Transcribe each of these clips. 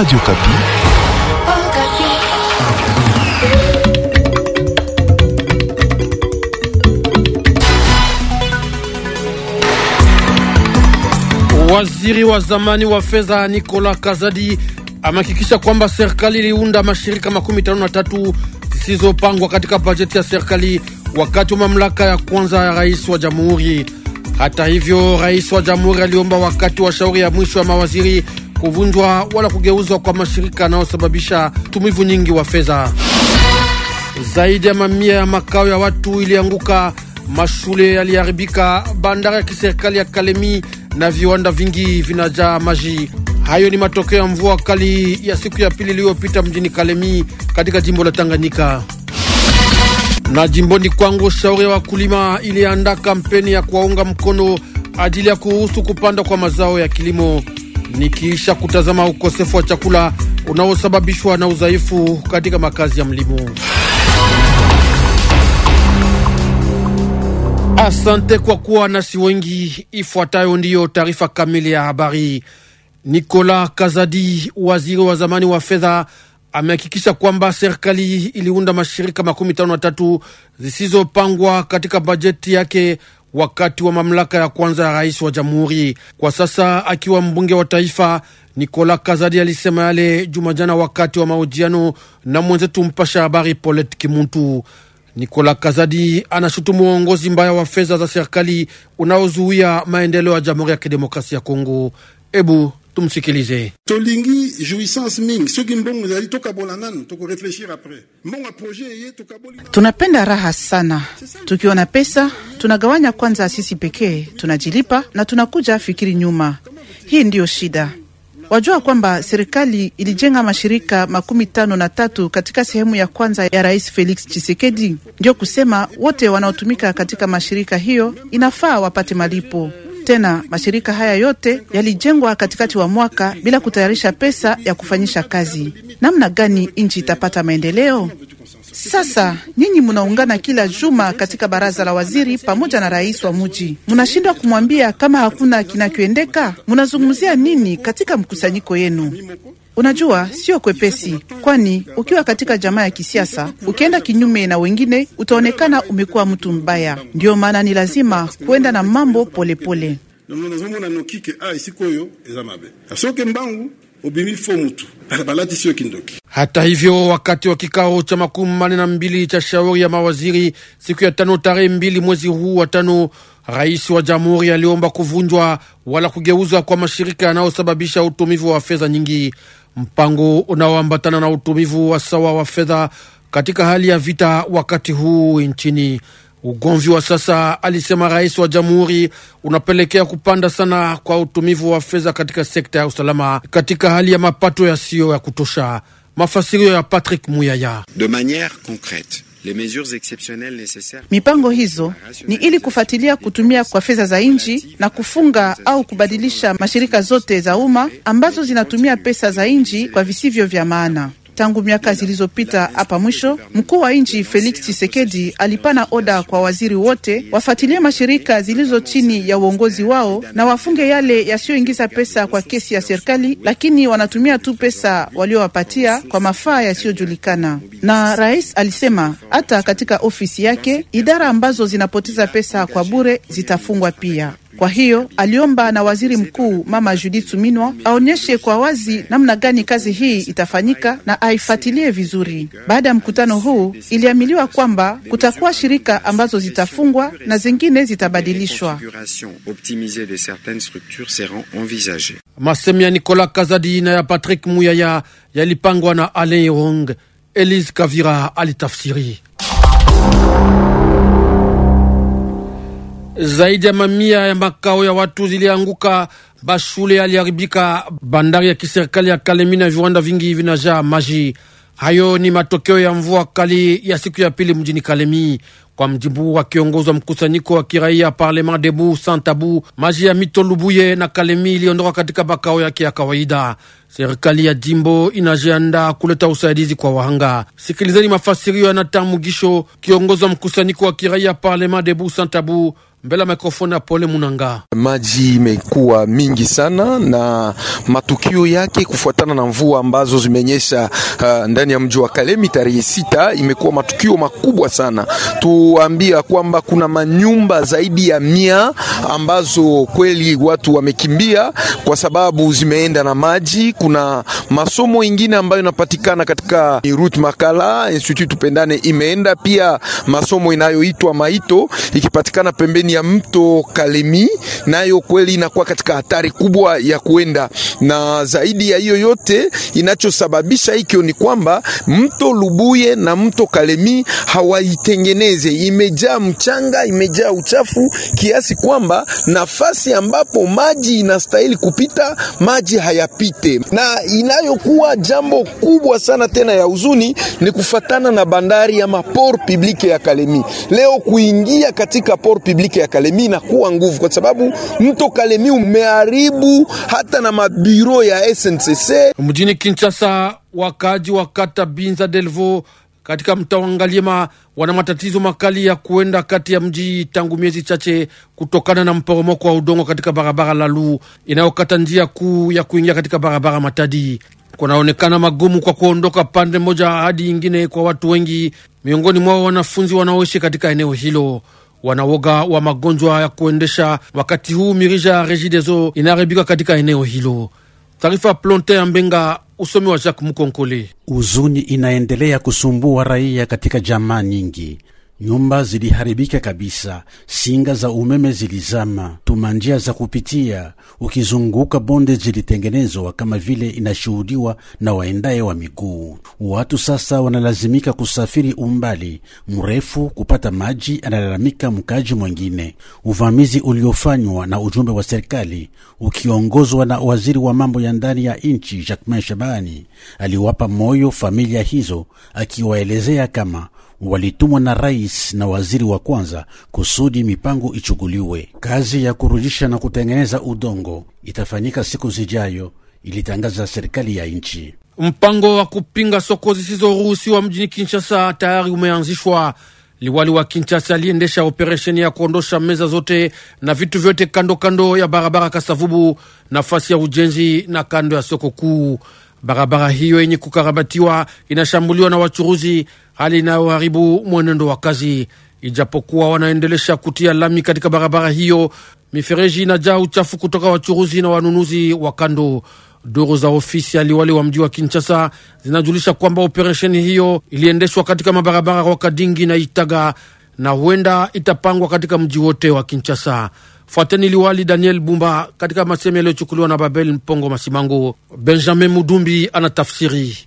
Radio Kapi. Waziri wa zamani wa fedha Nicola Kazadi amehakikisha kwamba serikali iliunda mashirika makumi tano na tatu zisizopangwa katika bajeti ya serikali wakati wa mamlaka ya kwanza ya rais wa jamhuri. Hata hivyo, rais wa jamhuri aliomba wakati wa shauri ya mwisho ya mawaziri kuvunjwa wala kugeuzwa kwa mashirika yanayosababisha tumivu nyingi wa fedha. Zaidi ya mamia ya makao ya watu ilianguka, mashule yaliharibika, bandari ya kiserikali ya Kalemi na viwanda vingi vinajaa maji. Hayo ni matokeo ya mvua kali ya siku ya pili iliyopita mjini Kalemi katika jimbo la Tanganyika. Na jimboni kwangu, shauri ya wakulima iliandaa kampeni ya kuwaunga mkono ajili ya kuhusu kupanda kwa mazao ya kilimo nikiisha kutazama ukosefu wa chakula unaosababishwa na udhaifu katika makazi ya mlimo. Asante kwa kuwa nasi wengi. Ifuatayo ndiyo taarifa kamili ya habari. Nicolas Kazadi, waziri wa zamani wa fedha, amehakikisha kwamba serikali iliunda mashirika makumi tano na tatu zisizopangwa katika bajeti yake wakati wa mamlaka ya kwanza ya rais wa jamhuri. Kwa sasa akiwa mbunge wa taifa, Nikola Kazadi alisema yale Jumajana wakati wa mahojiano na mwenzetu mpasha habari Polet Kimuntu. Nikola Kazadi anashutumu uongozi mbaya wa fedha za serikali unaozuia maendeleo ya Jamhuri ya Kidemokrasia ya Kongo. Ebu Tumsikilize. tolingi jouissance mingi soki mbongo ezali tokabola nanu tokoreflechir apres mbongo ya projet eye tokabola. Tunapenda raha sana tukiwa na pesa, tunagawanya kwanza sisi pekee, tunajilipa na tunakuja fikiri nyuma. Hii ndiyo shida. Wajua kwamba serikali ilijenga mashirika makumi tano na tatu katika sehemu ya kwanza ya Rais Felix Tshisekedi, ndiyo kusema wote wanaotumika katika mashirika hiyo inafaa wapate malipo tena mashirika haya yote yalijengwa katikati wa mwaka bila kutayarisha pesa ya kufanyisha kazi. Namna gani nchi itapata maendeleo? Sasa nyinyi munaungana kila juma katika baraza la waziri pamoja na rais wa muji, munashindwa kumwambia kama hakuna kinachoendeka. Munazungumzia nini katika mkusanyiko yenu? Unajua sio kwepesi, kwani ukiwa katika jamaa ya kisiasa, ukienda kinyume na wengine, utaonekana umekuwa mtu mbaya. Ndiyo maana ni lazima kuenda na mambo polepole pole. Ah, Hata hivyo, wakati wa kikao cha makumi manne na mbili cha shauri ya mawaziri siku ya tano tarehe mbili mwezi huu wa tano, rais wa jamhuri aliomba kuvunjwa wala kugeuzwa kwa mashirika yanayosababisha utumivu wa fedha nyingi mpango unaoambatana na utumivu wa sawa wa fedha katika hali ya vita wakati huu nchini. Ugomvi wa sasa, alisema rais wa jamhuri, unapelekea kupanda sana kwa utumivu wa fedha katika sekta ya usalama katika hali ya mapato yasiyo ya kutosha. Mafasirio ya Patrick Muyaya. De maniere concrete Mipango hizo ni ili kufuatilia kutumia kwa fedha za nchi na kufunga au kubadilisha mashirika zote za umma ambazo zinatumia pesa za nchi kwa visivyo vya maana tangu miaka zilizopita. Hapa mwisho, mkuu wa nchi Felix chisekedi alipana oda kwa waziri wote wafuatilie mashirika zilizo chini ya uongozi wao na wafunge yale yasiyoingiza pesa kwa kesi ya serikali, lakini wanatumia tu pesa waliowapatia kwa mafaa yasiyojulikana. Na rais alisema hata katika ofisi yake idara ambazo zinapoteza pesa kwa bure zitafungwa pia. Kwa hiyo aliomba na waziri mkuu Mama Judith Suminwa aonyeshe kwa wazi namna gani kazi hii itafanyika na aifuatilie vizuri. Baada ya mkutano huu, iliamiliwa kwamba kutakuwa shirika ambazo zitafungwa na zingine zitabadilishwa. Masemu ya Nicolas Kazadi na ya Patrick Muyaya yalipangwa na Alain Rong. Elise Kavira alitafsiri. Zaidi ya mamia ya makao ya watu zilianguka, bashule yaliharibika, bandari ya kiserikali ya Kalemi na viwanda vingi vinajaa maji. Hayo ni matokeo ya mvua kali ya siku ya pili mjini Kalemi. Kwa mjibu wa kiongozi wa mkusanyiko wa kiraia Parlement Debu Sans Tabu, maji ya mito Lubuye na Kalemi iliondoka katika makao yake ya kawaida. Serikali ya jimbo inajiandaa kuleta usaidizi kwa wahanga. Sikilizeni mafasirio ya Nata Mugisho, kiongozi wa mkusanyiko wa kiraia Parlement Debu Sans Tabu mbele ya mikrofoni ya Pole Munanga. Maji imekuwa mingi sana na matukio yake kufuatana na mvua ambazo zimenyesha uh, ndani ya mji wa Kalemi tarehe sita, imekuwa matukio makubwa sana. Tuambia kwamba kuna manyumba zaidi ya mia ambazo kweli watu wamekimbia kwa sababu zimeenda na maji. Kuna masomo ingine ambayo inapatikana katika Route Makala Institute Pendane imeenda pia, masomo inayoitwa Maito ikipatikana pembeni ndani ya mto Kalemi, nayo kweli inakuwa katika hatari kubwa ya kuenda na zaidi ya hiyo yote, inachosababisha hikyo ni kwamba mto Lubuye na mto Kalemi hawaitengeneze, imejaa mchanga, imejaa uchafu kiasi kwamba nafasi ambapo maji inastahili kupita maji hayapite, na inayokuwa jambo kubwa sana tena ya huzuni ni kufatana na bandari ya mapor publique ya Kalemi leo kuingia katika port publique ya Kalemi inakuwa nguvu, kwa sababu mto Kalemi umeharibu hata na mabiro ya SNCC mjini Kinshasa. Wakaaji wa kata Binza Delvo katika mtaa wa Ngaliema wana matatizo makali ya kuenda kati ya mji tangu miezi chache kutokana na mporomoko wa udongo katika barabara Lalu inayokata njia kuu ya kuingia katika barabara Matadi. Kunaonekana magumu kwa kuondoka pande moja hadi nyingine kwa watu wengi, miongoni mwao wanafunzi wanaoishi katika eneo hilo wanawoga wa magonjwa ya kuendesha wakati huu mirija ya Regideso inaharibika katika eneo hilo. Taarifa Plonte ya Mbenga, usomi wa Jacques Mukonkole. Huzuni inaendelea kusumbua raia katika jamaa nyingi nyumba ziliharibika kabisa, singa za umeme zilizama, tumanjia za kupitia ukizunguka bonde zilitengenezwa kama vile inashuhudiwa na waendaye wa miguu. Watu sasa wanalazimika kusafiri umbali mrefu kupata maji, analalamika mkaji mwengine. Uvamizi uliofanywa na ujumbe wa serikali ukiongozwa na waziri wa mambo ya ndani ya nchi Jacquemain Shabani aliwapa moyo familia hizo, akiwaelezea kama walitumwa na rais na waziri wa kwanza kusudi mipango ichuguliwe. Kazi ya kurudisha na kutengeneza udongo itafanyika siku zijayo, ilitangaza serikali ya nchi. Mpango wa kupinga soko zisizoruhusiwa mjini Kinshasa tayari umeanzishwa. Liwali wa Kinshasa aliendesha operesheni ya kuondosha meza zote na vitu vyote kando kando ya barabara Kasavubu, nafasi ya ujenzi na kando ya soko kuu. Barabara hiyo yenye kukarabatiwa inashambuliwa na wachuruzi, hali inayoharibu mwenendo wa kazi. Ijapokuwa wanaendelesha kutia lami katika barabara hiyo, mifereji inajaa uchafu kutoka wachuruzi na wanunuzi wa kando. Duru za ofisi ya liwali wa mji wa Kinshasa zinajulisha kwamba operesheni hiyo iliendeshwa katika mabarabara wakadingi Kadingi na Itaga na huenda itapangwa katika mji wote wa Kinshasa. Fuateni liwali Daniel Bumba katika masemi yaliyochukuliwa na Babel Mpongo Masimango. Benjamin Mudumbi anatafsiri.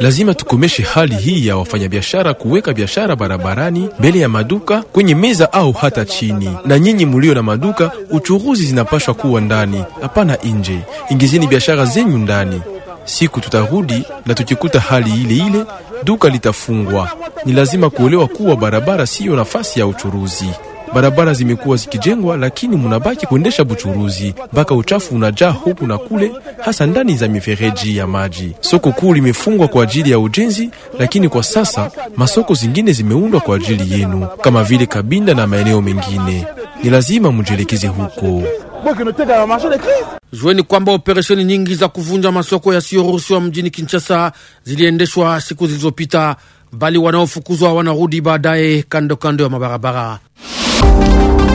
Lazima tukomeshe hali hii ya wafanyabiashara kuweka biashara barabarani, mbele ya maduka, kwenye meza au hata chini. Na nyinyi mulio na maduka, uchuruzi zinapashwa kuwa ndani, hapana nje. Ingizini biashara zenyu ndani. Siku tutarudi na tukikuta hali ile ile, duka litafungwa. Ni lazima kuelewa kuwa barabara siyo nafasi ya uchuruzi. Barabara zimekuwa zikijengwa, lakini munabaki kuendesha buchuruzi mpaka uchafu unajaa huku na kule, hasa ndani za mifereji ya maji. Soko kuu limefungwa kwa ajili ya ujenzi, lakini kwa sasa masoko zingine zimeundwa kwa ajili yenu, kama vile Kabinda na maeneo mengine. Ni lazima mujielekeze huko. Jueni kwamba operesheni nyingi za kuvunja masoko yasiyoruhusiwa mjini Kinshasa ziliendeshwa siku zilizopita, bali wanaofukuzwa wanarudi baadaye kando kando ya mabarabara. Thank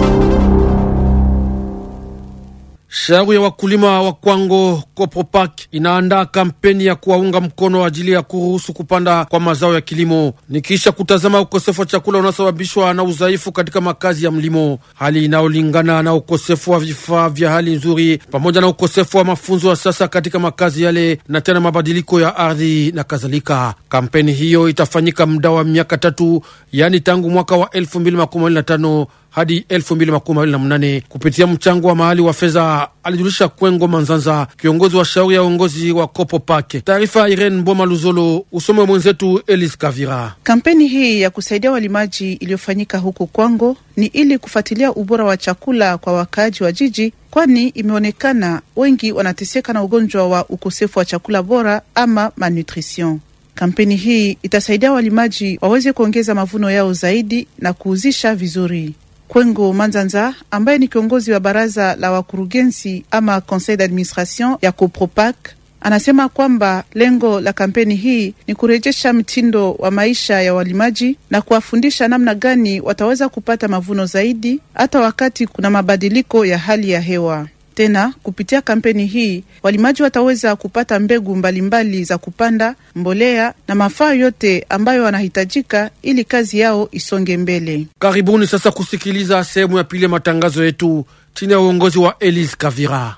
Shauri ya wakulima wa Kwango Kopropak inaandaa kampeni ya kuwaunga mkono ajili ya kuruhusu kupanda kwa mazao ya kilimo, nikisha kutazama ukosefu wa chakula unaosababishwa na udhaifu katika makazi ya mlimo, hali inayolingana na ukosefu wa vifaa vya hali nzuri pamoja na ukosefu wa mafunzo ya sasa katika makazi yale na tena mabadiliko ya ardhi na kadhalika. Kampeni hiyo itafanyika muda wa miaka tatu, yaani tangu mwaka wa elfu mbili makumi mbili na tano hadi elfu mbili makumi mawili na mnane kupitia mchango wa mahali wa fedha, alijulisha Kwengo Manzanza, kiongozi wa shauri ya uongozi wa Kopo Pake. Taarifa ya Irene Mboma Luzolo, usome mwenzetu Elis Kavira. Kampeni hii ya kusaidia walimaji iliyofanyika huku Kwango ni ili kufuatilia ubora wa chakula kwa wakaaji wa jiji kwani imeonekana wengi wanateseka na ugonjwa wa ukosefu wa chakula bora ama malnutrition. Kampeni hii itasaidia walimaji waweze kuongeza mavuno yao zaidi na kuuzisha vizuri. Kwengo Manzanza ambaye ni kiongozi wa baraza la wakurugenzi ama conseil d'administration ya Copropac anasema kwamba lengo la kampeni hii ni kurejesha mtindo wa maisha ya walimaji na kuwafundisha namna gani wataweza kupata mavuno zaidi hata wakati kuna mabadiliko ya hali ya hewa. Tena kupitia kampeni hii walimaji wataweza kupata mbegu mbalimbali mbali za kupanda, mbolea na mafaa yote ambayo wanahitajika ili kazi yao isonge mbele. Karibuni sasa kusikiliza sehemu ya pili ya matangazo yetu chini ya uongozi wa Elise Kavira.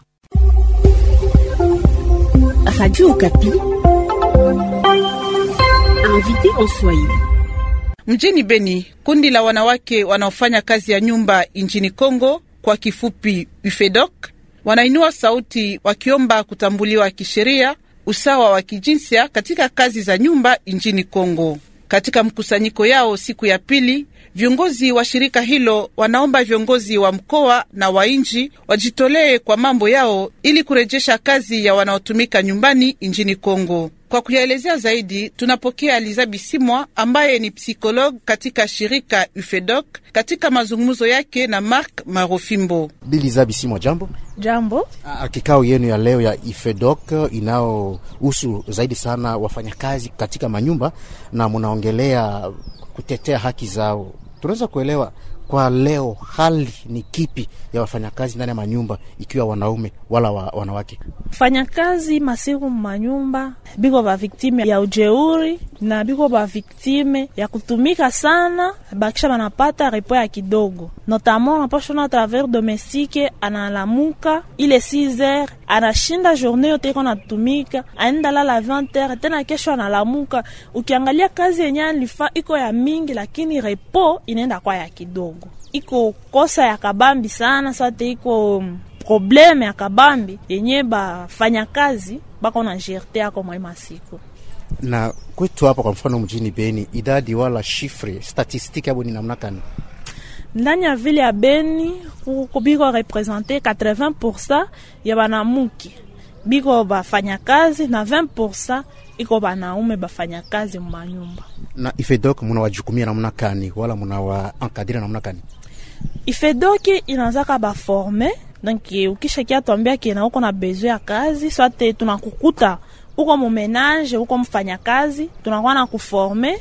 Mjini Beni, kundi la wanawake wanaofanya kazi ya nyumba nchini Kongo, kwa kifupi UFEDOK wanainua sauti wakiomba kutambuliwa kisheria usawa wa kijinsia katika kazi za nyumba nchini Kongo. Katika mkusanyiko yao siku ya pili Viongozi wa shirika hilo wanaomba viongozi wa mkoa na wa nchi wajitolee kwa mambo yao ili kurejesha kazi ya wanaotumika nyumbani nchini Kongo. Kwa kuyaelezea zaidi, tunapokea Liza Bisimwa ambaye ni psikolog katika shirika UFEDOC katika mazungumzo yake na Mark Marofimbo. Biliza Bisimwa, jambo. Jambo. Kikao yenu ya leo ya UFEDOC uh, inaohusu zaidi sana wafanyakazi katika manyumba na munaongelea kutetea haki zao. Tunaweza kuelewa kwa leo hali ni kipi ya wafanyakazi ndani ya manyumba, ikiwa wanaume wala wa, wanawake wafanyakazi masiku manyumba biko ba viktime ya ujeuri na biko ba viktime ya kutumika sana, bakisha banapata repo ya kidogo, notamment napashona a travers domestique analamuka ile 6 heures anashinda journée yote iko natumika, aenda lala 20h tena kesho analamuka. Ukiangalia kazi yenye alifa iko ya mingi, lakini repo inaenda kwa ya kidogo, iko kosa ya kabambi sana swate, iko probleme ya kabambi yenye bafanya kazi bako na jerte yako mwai siku na kwetu hapa, kwa mfano mjini Beni, idadi wala shifre statistiki abo ni namna gani? ndani ya vile ya Beni biko represente 80% ya banamuke biko bafanya kazi na 20% iko banaume bafanya kazi mumanyumba. Na ifedok munawajukumia namna kani wala munawaenkadira namna kani? Ifedok inaanzaka baforme donc ukisha kia tuambia kena uko na besoin ya kazi sote tunakukuta uko mumenage uko mfanya kazi tunakuwa na kuforme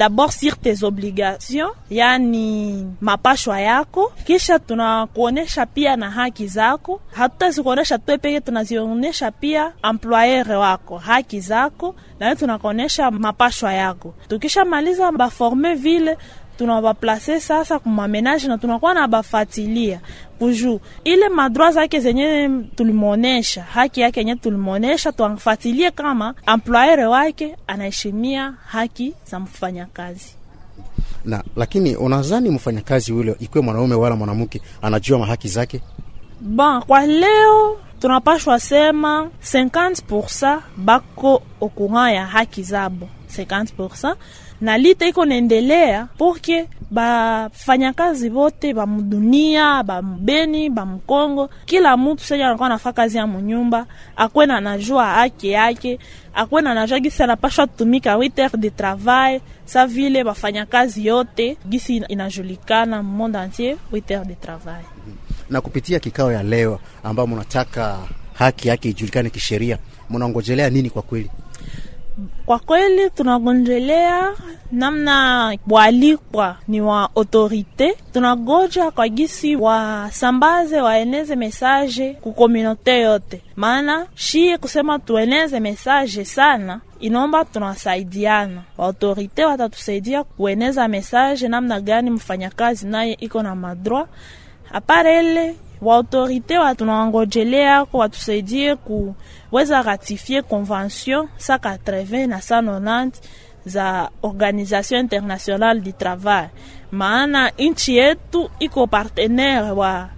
d'abord sur tes obligations, yani mapashwa yako, kisha tunakuonesha pia na haki zako. Hatutazikuonesha tu peke, tunazionyesha pia employer wako haki zako, na tunakuonesha mapashwa yako. Tukishamaliza baforme vile tunawaplace sasa kumamenage na tunakuwa na bafatilia kuju ile madroit zake zenye tulimuonesha, haki yake yenye tulimuonesha, tuamfatilie kama employer wake anaheshimia haki za mfanyakazi na lakini unazani mfanyakazi yule ikiwe mwanaume wala mwanamke anajua mahaki zake? Ba, kwa leo tunapashwa sema 50% bako okuran ya haki zabo 50% na lita iko naendelea porke bafanyakazi bote bamudunia bambeni bamkongo kila mutu senye anakuwa nafaa kazi ya munyumba akwe na najua ake yake akwe na najua gisi anapashwa tumika witer de travail sa vile bafanyakazi yote gisi inajulikana monde entier witer de travail na kupitia kikao ya leo ambayo munataka haki yake ijulikane kisheria munangojelea nini kwa kweli kwa kweli tunagonjelea namna bwalikwa ni wa autorite, tunagoja kwa gisi wasambaze waeneze mesaje kominote yote, maana shie kusema tueneze mesaje sana inomba tunasaidiana, waautorite watatusaidia kueneza mesaje namna gani mfanyakazi naye iko na madroit aparele waautorité watunawangojelea ko watusaidie kuweza ratifie convention 180 na 190 za Organisation Internationale du Travail, maana nchi yetu iko partenaire wa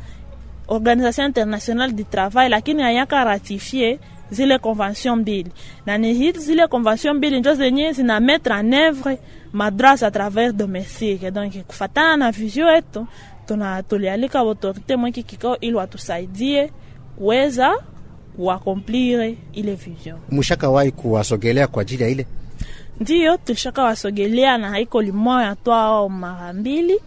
Organisation Internationale du Travail, lakini hayaka ratifie zile convention mbili, na ni hizi zile convention mbili njo zenye zina mettre en œuvre madras a travers domestique. Donc kufatana na vision yetu tulialika autorite mweki kikao ili watusaidie kuweza kuakomplire ile vision. Mushakawahi kuwasogelea kwa ajili ya ile ndiyo tulishaka wasogelea na haiko limoya twao mara mbili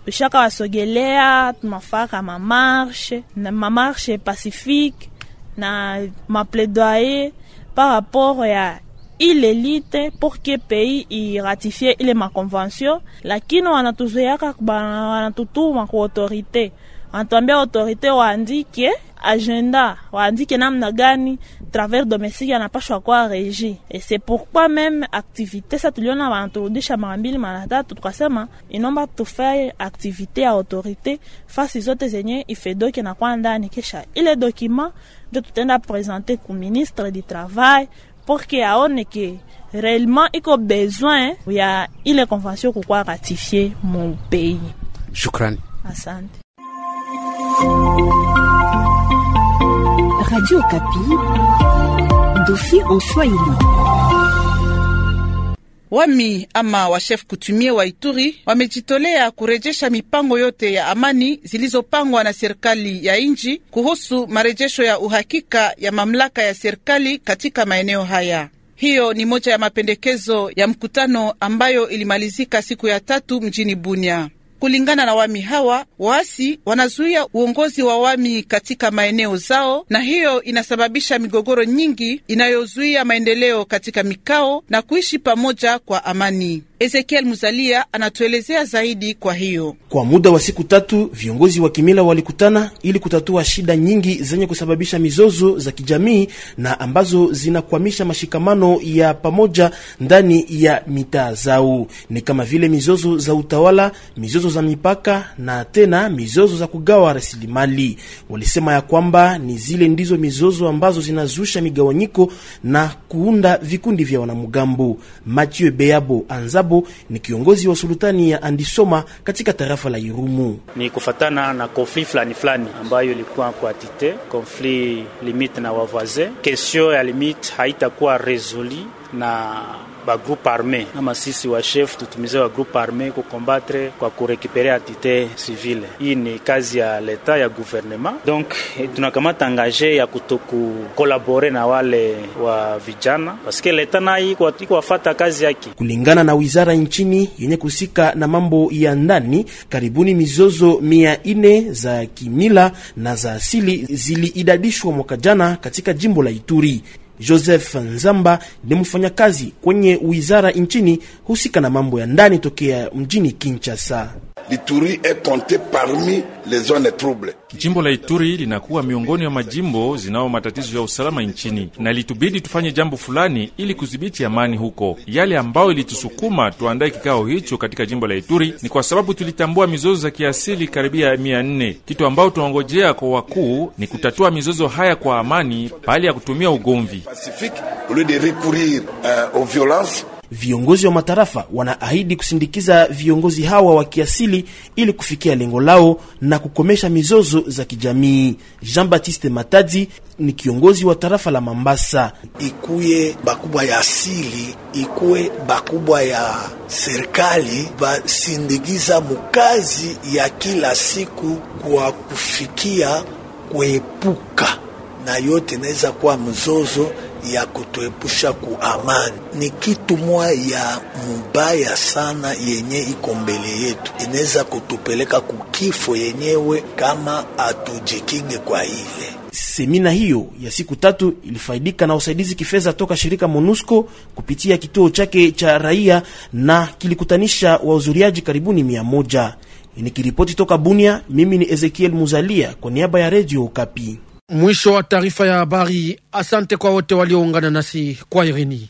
tulishaka wasogelea, tunafaka mamarshe na mamarshe pacifique na maplaidoyer par rapport ya il est pour que pays ratifie ile lite toujours pei iratifie ile makonvensio, lakini wanatuzuiaka wanatutuma dit autorite, wanatuambia autorite waandike agenda waandike namna gani travers domestique anapashwa à régir et c'est pourquoi même activité sa tuliona wanaturudisha mara mbili mara tatu, tukasema inomba faire activité à autorité fasi zote zenye ifedoki nakuwa ndani, kisha ile dokima ndio tutaenda présenté comme ministre du travail porke aone ke réellement iko besoin ya ile convention kukuwa ratifie mu pays. Shukrani, asante. Radio Kapi, dossier en Swahili. Wami ama washef kutumie wa Ituri wamejitolea kurejesha mipango yote ya amani zilizopangwa na serikali ya nchi kuhusu marejesho ya uhakika ya mamlaka ya serikali katika maeneo haya. Hiyo ni moja ya mapendekezo ya mkutano ambayo ilimalizika siku ya tatu mjini Bunia. Kulingana na wami hawa, waasi wanazuia uongozi wa wami katika maeneo zao, na hiyo inasababisha migogoro nyingi inayozuia maendeleo katika mikao na kuishi pamoja kwa amani. Ezekiel Muzalia anatuelezea zaidi. Kwa hiyo kwa muda wa siku tatu viongozi wa kimila walikutana ili kutatua shida nyingi zenye kusababisha mizozo za kijamii na ambazo zinakwamisha mashikamano ya pamoja ndani ya mitaa zao, ni kama vile mizozo za utawala, mizozo za mipaka na tena mizozo za kugawa rasilimali. Walisema ya kwamba ni zile ndizo mizozo ambazo zinazusha migawanyiko na kuunda vikundi vya wanamgambo. Mathieu Beabo anza Malabo ni kiongozi wa sultani ya Andisoma katika tarafa la Irumu. Ni kufatana na konfli fulani fulani ambayo ilikuwa kwa tite konfli limite na wavaze, kestion ya limite haitakuwa rezoli na bagroupe arme ama sisi wa chef tutumize wa groupe arme combattre kwa kurekipere atite civile. Hii ni kazi ya leta ya gouvernement, donc tunakamata angaje ya kutoku kolabore na wale wa vijana paske leta nayi ikwafata kazi yake kulingana na wizara nchini yenye kusika na mambo ya ndani. Karibuni mizozo mia ine za kimila na za asili ziliidadishwa mwaka jana katika jimbo la Ituri. Joseph Nzamba ni mfanyakazi kwenye wizara nchini husika na mambo ya ndani tokea mjini Kinshasa l'Ituri e konte parmi les zones trouble. Jimbo la Ituri linakuwa miongoni mwa majimbo zinao matatizo ya usalama nchini, na litubidi tufanye jambo fulani ili kudhibiti amani huko. Yale ambayo ilitusukuma tuandae kikao hicho katika jimbo la Ituri ni kwa sababu tulitambua mizozo za kiasili karibia mia nne. Kitu ambayo tunaongojea kwa wakuu ni kutatua mizozo haya kwa amani, pahali ya kutumia ugomvi. Viongozi wa matarafa wanaahidi kusindikiza viongozi hawa wa kiasili ili kufikia lengo lao na kukomesha mizozo za kijamii. Jean Baptiste Matadi ni kiongozi wa tarafa la Mambasa. Ikuye bakubwa ya asili, ikuwe bakubwa ya serikali, basindikiza mukazi ya kila siku kwa kufikia kuepuka na yote inaweza kuwa mzozo ya kutuepusha ku amani ni kitu mwa ya mubaya sana yenye iko mbele yetu, inaweza kutupeleka kukifo yenyewe kama hatujikinge kwa ile Semina hiyo ya siku tatu ilifaidika na usaidizi kifedha toka shirika MONUSCO kupitia kituo chake cha raia na kilikutanisha wahudhuriaji karibuni mia moja. Nikiripoti toka Bunia, mimi ni Ezekiel Muzalia kwa niaba ya Radio Okapi. Mwisho wa taarifa ya habari. Asante kwa wote walioungana nasi kwa Irini.